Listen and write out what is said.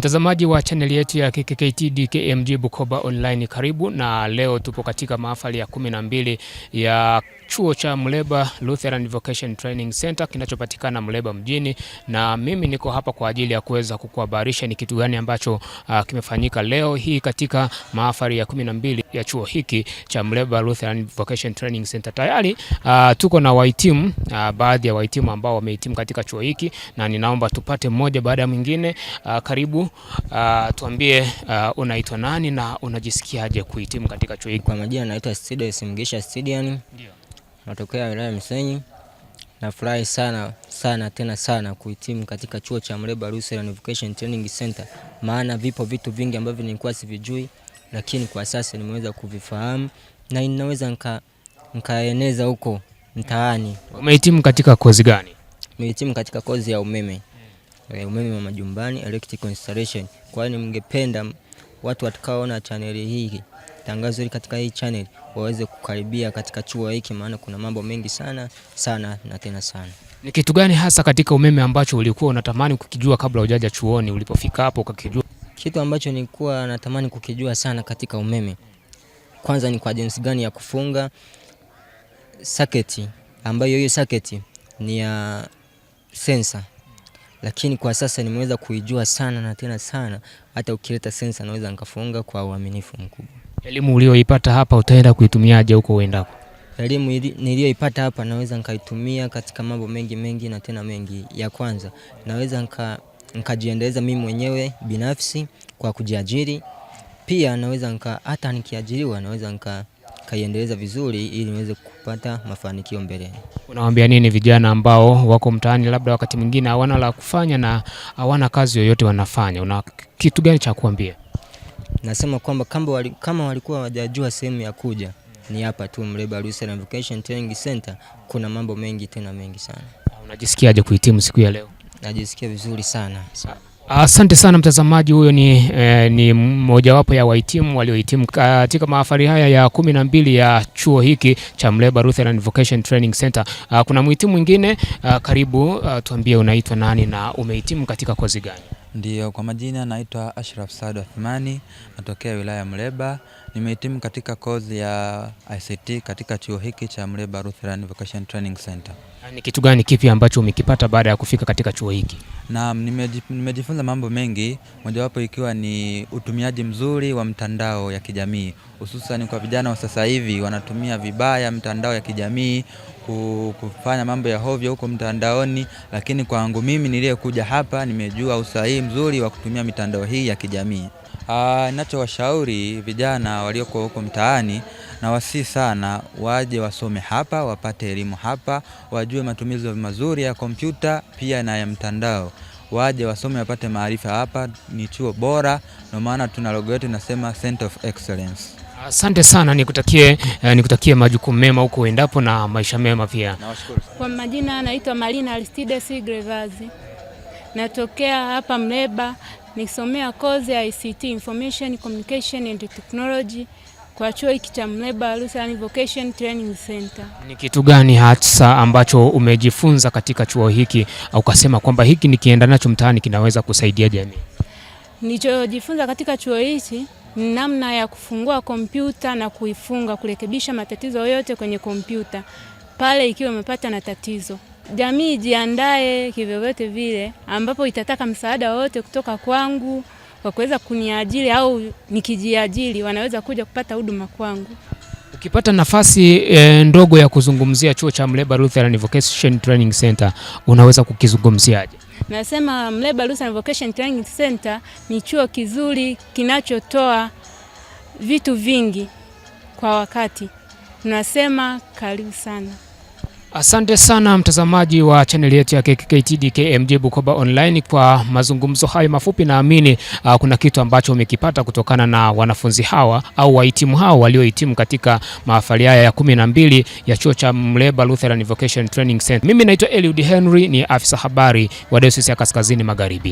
Mtazamaji wa chaneli yetu ya KKKT DKMG Bukoba Online, karibu na leo tupo katika mahafali ya kumi na mbili ya chuo cha Muleba Lutheran Vocation Training Center kinachopatikana Muleba mjini, na mimi niko hapa kwa ajili ya kuweza kukuhabarisha ni kitu gani ambacho uh, kimefanyika leo hii katika mahafali ya kumi na mbili ya chuo hiki cha Muleba Lutheran Vocation Training Center. Tayari uh, tuko na wahitimu uh, baadhi ya wahitimu ambao wamehitimu katika chuo hiki, na ninaomba tupate mmoja baada ya mwingine. Uh, karibu Uh, tuambie uh, unaitwa nani na unajisikiaje kuhitimu katika chuo hiki? Kwa majina naitwa Sidious Mgisha Sidian, ndio natokea wilaya ya Msenyi. Nafurahi sana sana tena sana kuhitimu katika chuo cha Mleba Lutheran Vocational Training Center, maana vipo vitu vingi ambavyo nilikuwa sivijui, lakini kwa sasa nimeweza kuvifahamu na ninaweza nka nkaeneza huko mtaani. Umehitimu katika kozi gani? Umehitimu katika kozi ya umeme ya umeme wa majumbani electrical installation. Kwa hiyo ningependa watu watakaoona chaneli hii tangazo hili katika hii channel waweze kukaribia katika chuo hiki, maana kuna mambo mengi sana sana na tena sana. Ni kitu gani hasa katika umeme ambacho ulikuwa unatamani kukijua kabla hujaja chuoni? Ulipofika hapo ukakijua kitu ambacho nilikuwa natamani kukijua sana katika umeme, kwanza ni kwa jinsi gani ya kufunga saketi, ambayo hiyo saketi ni ya sensa lakini kwa sasa nimeweza kuijua sana na tena sana, hata ukileta sensa naweza nikafunga kwa uaminifu mkubwa. Elimu uliyoipata hapa utaenda kuitumiaje huko uendako? Elimu niliyoipata hapa naweza nikaitumia katika mambo mengi mengi na tena mengi. Ya kwanza naweza nikajiendeleza mimi mwenyewe binafsi kwa kujiajiri, pia naweza hata nikiajiriwa naweza nika kaiendeleza vizuri ili niweze kupata mafanikio mbeleni. Unawaambia nini vijana ambao wako mtaani, labda wakati mwingine hawana la kufanya na hawana kazi yoyote wanafanya? Una kitu gani cha kuambia? Nasema kwamba kama, wali, kama walikuwa wajajua sehemu ya kuja ni hapa tu Mleba Arusi Vocation Training Center. Kuna mambo mengi tena mengi sana. Unajisikiaje kuhitimu siku ya leo? Najisikia vizuri sana. Sa Asante sana mtazamaji, huyo ni, eh, ni mojawapo ya wahitimu waliohitimu ah, katika mahafali haya ya kumi na mbili ya chuo hiki cha Mleba Lutheran Vocation Training Center. Uh, kuna mhitimu mwingine uh, karibu uh, tuambie unaitwa nani na umehitimu katika kozi gani? Ndiyo, kwa majina naitwa Ashraf Saad Athmani, natokea wilaya ya Mleba. Nimehitimu katika kozi ya ICT katika chuo hiki cha Mleba Lutheran Vocation Training Center. Ni kitu gani kipi ambacho umekipata baada ya kufika katika chuo hiki? Naam, nimejifunza mambo mengi, mojawapo ikiwa ni utumiaji mzuri wa mtandao ya kijamii, hususan kwa vijana wa sasa hivi wanatumia vibaya mtandao ya kijamii kufanya mambo ya hovyo huko mtandaoni, lakini kwangu mimi niliyekuja hapa nimejua usahihi mzuri wa kutumia mitandao hii ya kijamii. Ninachowashauri vijana walioko huko mtaani na sana waje wasome hapa, wapate elimu hapa, wajue matumizi mazuri ya kompyuta pia na ya mtandao. Waje wasome wapate maarifa hapa, ni chuo bora. Ndio maana tuna logo yetu inasema Center of Excellence. Asante sana, nikutakie eh, nikutakie majukumu mema huko uendapo na maisha mema pia. Kwa majina anaitwa Marina Aristides Grevazi, natokea hapa Mleba, nisomea kozi ya ICT Information Communication and Technology kwa chuo hiki cha Mleba Lutheran Vocation Training Center. Ni kitu gani hasa ambacho umejifunza katika chuo hiki au ukasema kwamba hiki nikienda nacho mtaani kinaweza kusaidia jamii? Nilichojifunza katika chuo hiki ni namna ya kufungua kompyuta na kuifunga, kurekebisha matatizo yote kwenye kompyuta pale ikiwa imepata na tatizo. Jamii jiandae kivyovyote vile ambapo itataka msaada wowote kutoka kwangu kwa kuweza kuniajiri au nikijiajiri wanaweza kuja kupata huduma kwangu. Ukipata nafasi e, ndogo ya kuzungumzia chuo cha Mleba Lutheran Vocation Training Center unaweza kukizungumziaje? Nasema Mleba Lutheran Vocation Training Center ni chuo kizuri kinachotoa vitu vingi kwa wakati. Tunasema karibu sana. Asante sana mtazamaji wa chaneli yetu ya KKKT KMG Bukoba Online kwa mazungumzo hayo mafupi. Naamini uh, kuna kitu ambacho umekipata kutokana na wanafunzi hawa au wahitimu hawa waliohitimu katika mahafali haya ya kumi na mbili ya chuo cha Mleba Lutheran Vocation Training Center. Mimi naitwa Eliud Henry, ni afisa habari wa Dayosisi ya Kaskazini Magharibi.